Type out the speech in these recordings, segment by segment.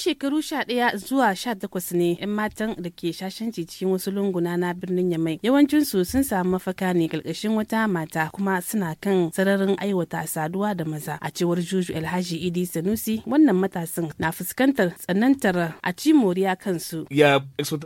shekaru sha ɗaya zuwa sha takwas ne 'yan matan da ke shashen cikin wasu lunguna na birnin Yamai. yawancin su sun samu mafaka ne karkashin wata mata kuma suna kan sararin aiwata saduwa da maza. A cewar Juju Alhaji Idi Sanusi wannan matasan na fuskantar tsanantar a ci moriya kansu.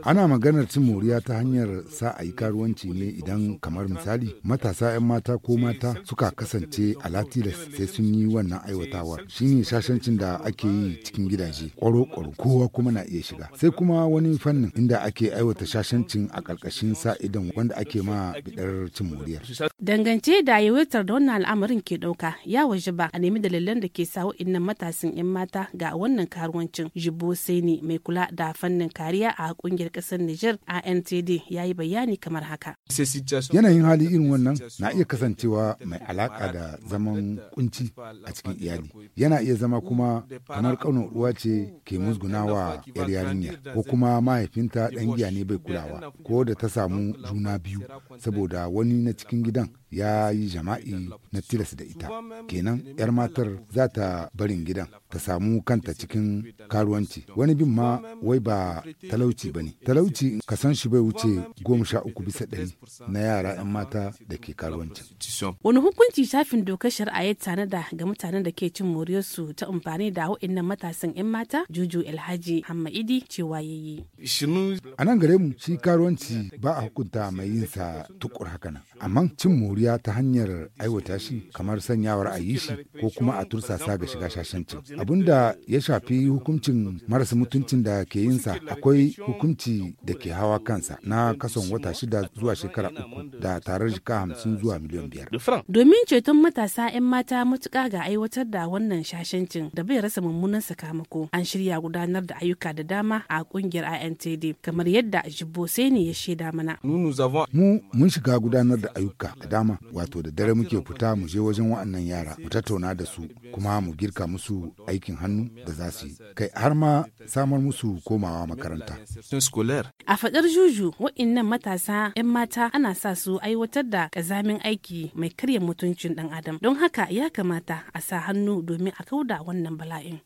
Ana maganar cin moriya ta hanyar sa a yi karuwanci ne idan kamar misali matasa 'yan mata ko mata suka kasance a latilas sai sun yi wannan aiwatawar shine shashancin da ake yi cikin gidaje. Kwaro ƙwaro kowa kuma na iya shiga sai kuma wani fannin inda ake aiwata shashancin a ƙarƙashin sa idan wanda ake ma bidar cin moriyar. Dangance da yawaitar da wannan al'amarin ke ɗauka ya waje ba a nemi dalilan da ke sa wa'innan matasan 'yan mata ga wannan karuwancin. Jibo ne mai kula da fannin kariya a ƙungiyar ƙasar Nijar ANTD ya yi bayani kamar haka. Yanayin hali irin wannan na iya kasancewa mai alaƙa da zaman kunci a cikin iyali. Yana iya zama kuma kamar ƙaunar uwa ce ke ke wa yar yarinya ko kuma mahaifinta ɗan giya ne bai kulawa ko da ta samu juna biyu saboda wani na cikin gidan ya yi jama'i na tilas da ita kenan yar matar za ta barin gidan ta samu kanta cikin karuwanci wani bin ma wai ba talauci ba ne talauci ka san shi bai wuce goma sha uku bisa ɗari na yara 'yan mata da ke karuwanci wani hukunci shafin dokar shari'a ya tanada ga mutanen da ke cin moriyarsu ta amfani da wa'annan matasan 'yan mata juju alhaji hamma idi cewa ya yi a nan gare mu shi karuwanci ba a hukunta mai yin sa tukur haka nan amma cin moriya ta hanyar aiwata shi kamar sanyawar a yi shi ko kuma a tursasa ga shiga shashancin da ya shafi hukuncin marasa mutuncin da ke yin sa akwai hukunci da ke hawa kansa na kason wata shida zuwa shekara uku da tarar jika hamsin zuwa miliyan biyar domin ceton matasa 'yan mata matuƙa ga aiwatar da wannan shashancin da bai rasa mummunan sakamako an shirya shirya gudanar da ayyuka da dama a kungiyar INTD kamar yadda Jibbo Seni ya shaida mana. Mu mun shiga gudanar da ayyuka da dama wato da dare muke fita mu je wajen wa'annan yara mu tattauna da su kuma mu girka musu aikin hannu da za su yi kai har ma samar musu komawa makaranta. A faɗar juju wa'annan matasa 'yan mata ana sa su aiwatar da ƙazamin aiki mai karya mutuncin ɗan adam don haka ya kamata a sa hannu domin a kauda wannan bala'in.